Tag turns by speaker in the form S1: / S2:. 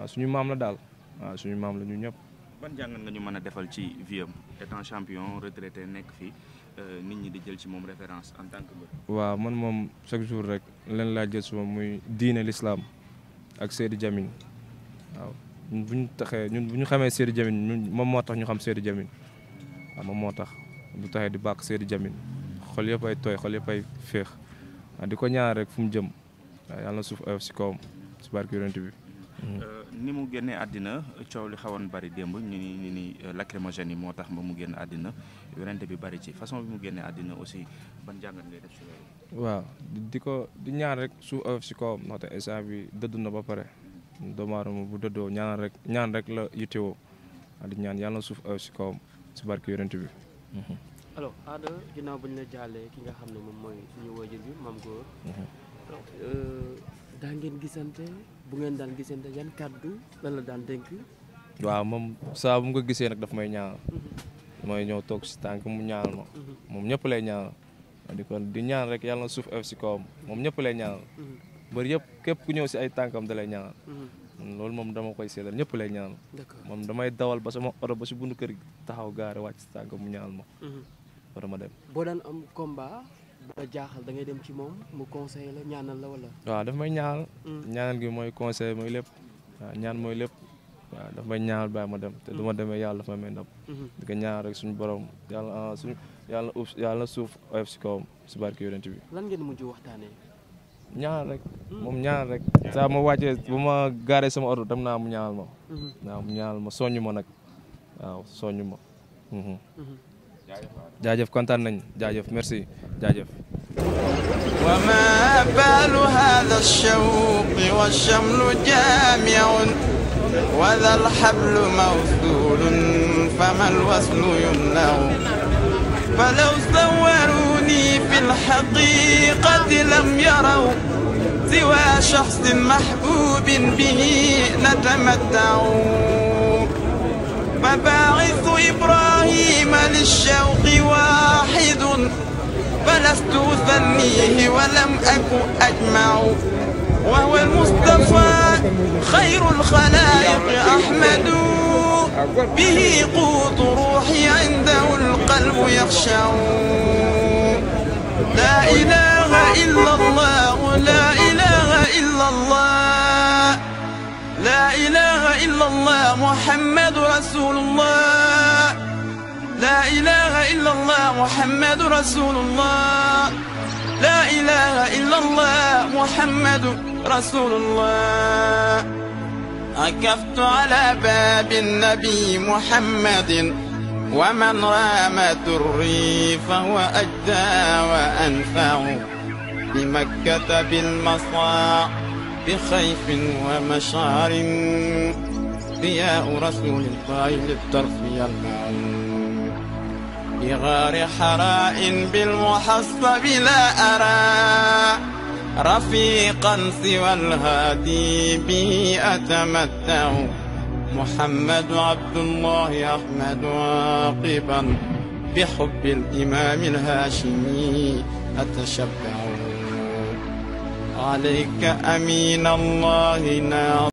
S1: waaw suñu maam la daal waaw suñu maam la ñu ñëpp. ban jàngat nga ñu mën a defal ci vie am étant champion retraité nekk fii euh, nit ñi di jël ci moom référence en tant que mbër. waaw man moom chaque jour rek leen laa jël suma muy diine l'islam ak Seydi Diamine waaw taxee ñun bu ñu xamee Seydi Diamine moom moo tax ñu xam Seydi jamin waaw moom moo tax du taxee di bàq Seydi jamin xol yëpp ay tooy xol yëpp ay féex di ko ñaar rek fu mu jëm waaw yàlla na suuf oyof euh, si kawam si barke yonent bi. Euh, ni mu génnee àddina coow li xawoon bari démb ñu ni ñu ni euh, moo tax ba mu génn àddina werante bi bari ci façon bi mu génnee àddina aussi ban jàngat ngay def waaw di ko di ñaan rek suuf oyof euh, si kawam ndaxte instant bi dëdd na ba pare doomu aadama bu dëddoo ñaan rek ñaan rek la yittewoo di ñaan yàlla na suuf oyof si kawam si barke werante bi. Mhm. alors Ada ginnaaw bañ la jàllee ki nga xam ne moom mooy suñu waajur bi maam góor. Mhm. daa ngeen gisante bu ngeen daan gisante yan kàddu lan la daan dénk. waaw moom saa bu mu ko gisee nag dafa may ñaanal. Mhm. mooy ñëw toog si tànk mu ñaanal ma. Mhm. moom ñëpp lay ñaanal. di kon di ñaan rek yàlla na si kawam moom ñëpp lay ñaanal. Mhm. mbër yëpp képp ku ñëw si ay tànkam da lay ñaanal. loolu moom dama koy seedal ñëpp lay ñaanal. moom damay dawal ba sama oto ba si buntu kër gi taxaw gaare wàcc si tànk mu ñaanal ma. war ma dem. bu da ngay dem ci moom mu conseil la la wala. waaw daf may ñaanal. Mm. ñaanal gi mooy conseil mooy lépp waaw mooy lépp waaw daf may ñaanal bàyyi ma dem te du ma mm. demee yàlla dafa may ndam. Mm-hmm. di ko ñaanal rek suñu borom yàlla ah, yàlla yàlla suuf oyof si kawam si barke yonent bi. lan ngeen mujj waxtaanee. ñaanal rek. Mm. moom ñaanal rek. saa ma wàccee bu ma gaaree sama oto dem naa mu ñaanal ma. Mm-hmm. naa ma soññu ma nag waaw soññu ma. Mm-hmm. kontaan nañ jaajëf merci. jaajëf
S2: wama baalu hada shawq wa shamlu jaamiun wa dal hablu mawsulun famal waslu yumnaw falaw sawaruni fi lxaqiqati lam yaraw siwa shaxsin mahbubin bihi natamattaw mabaa'isu Ibrahima تسليم للشوق واحد فلست أثنيه ولم أك أجمع وهو المصطفى خير الخلائق أحمد به قوت روحي عنده القلب يخشع لا إله إلا الله لا إله إلا الله لا إله إلا الله محمد رسول الله لا إله إلا الله محمد رسول الله لا إله إلا الله محمد رسول الله عكفت على باب النبي محمد ومن رام دري فهو أجدى وأنفع بمكة بالمصاع بخيف ومشعر ضياء رسول الله للطرف يلمع بغار حراء بالمحصب لا أرى رفيقا سوى الهادي به أتمتع محمد عبد الله أحمد واقبا بحب الإمام الهاشمي أتشبع عليك أمين الله ناصر